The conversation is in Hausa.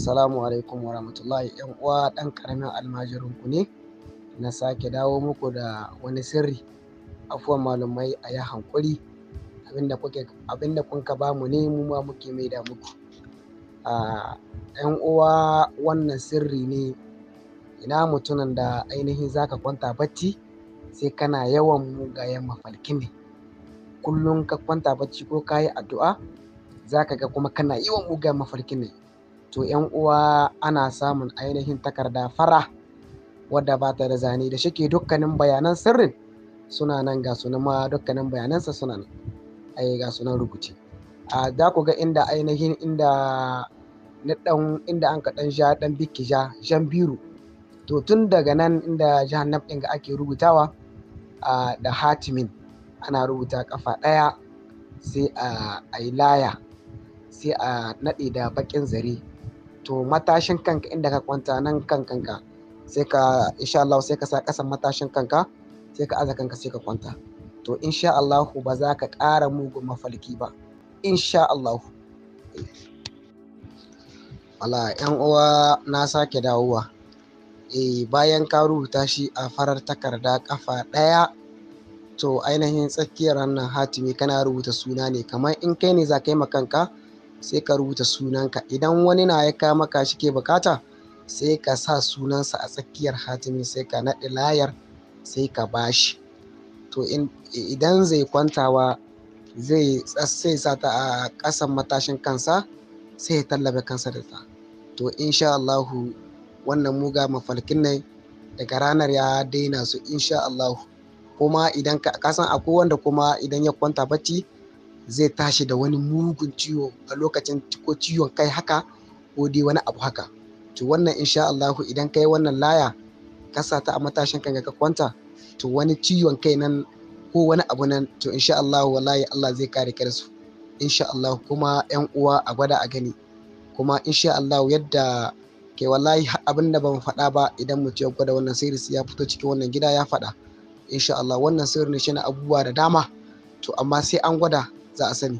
assalamu alaikum warahmatullahi yan uwa ɗan ƙaramin almajirin ne na sake dawo muku da wani sirri afuwan malamai a yi hankuri abinda kuke kun ka bamu ne mu ma muke mai da muku a yan uwa wannan sirri ne ina mutumin da ainihin ka kwanta bacci sai kana yawan mugayen mafarki ne kullum ka kwanta bacci ko ka yi addu'a za ka ga kuma kana yawan mugayen mafarki ne to yan uwa ana samun ainihin takarda fara wadda ba ta da zane da shike dukkanin bayanan sirrin suna nan ga sunan ma dukkanin bayanansa suna nan ai ga sunan rubuce a za ku ga inda ainihin inda na dan inda an ka dan ja dan biki ja jan biro to tun daga nan inda jahannam ɗin ga ake rubutawa da hatimin ana rubuta kafa ɗaya sai a yi laya sai a naɗe da baƙin zare to matashin kanka inda ka kwanta nan kan kanka sai ka insha Allah sai ka sa kasan matashin kanka sai ka aza kanka sai ka kwanta to insha Allah ba za ka ƙara mugun mafalki ba insha Allah wala yan uwa na sake dawowa eh bayan ka rubuta shi a farar takarda kafa ɗaya to ainihin tsakiyar nan hatimi kana rubuta suna ne kamar in kai ne za ka yi kanka sai ka rubuta sunanka idan wani na ya kawo maka shi ke bukata sai ka sa sunansa a tsakiyar hatimi sai ka naɗi layar sai ka bashi to idan zai kwantawa zai sai sa ta a ƙasan matashin kansa sai ya tallabe kansa da ta to insha Allahu wannan muga mafalkin ne daga ranar ya daina su insha Allahu kuma idan ka san akwai wanda kuma idan ya kwanta bacci zai tashi da wani mugun ciwo a lokacin ko ciwon kai haka ko dai wani abu haka to wannan insha Allahu idan kai wannan laya ka sa ta a matashin kanka ka kwanta to wani ciwon kai nan ko wani abu nan to insha Allahu wallahi Allah zai kare ka da su insha Allah kuma ƴan uwa a gwada a gani kuma insha Allah yadda ke wallahi abin da ban faɗa ba idan mutum ya gwada wannan sirri ya fito cikin wannan gida ya faɗa insha Allah wannan sirri ne shi na abubuwa da dama to amma sai an gwada dạ xin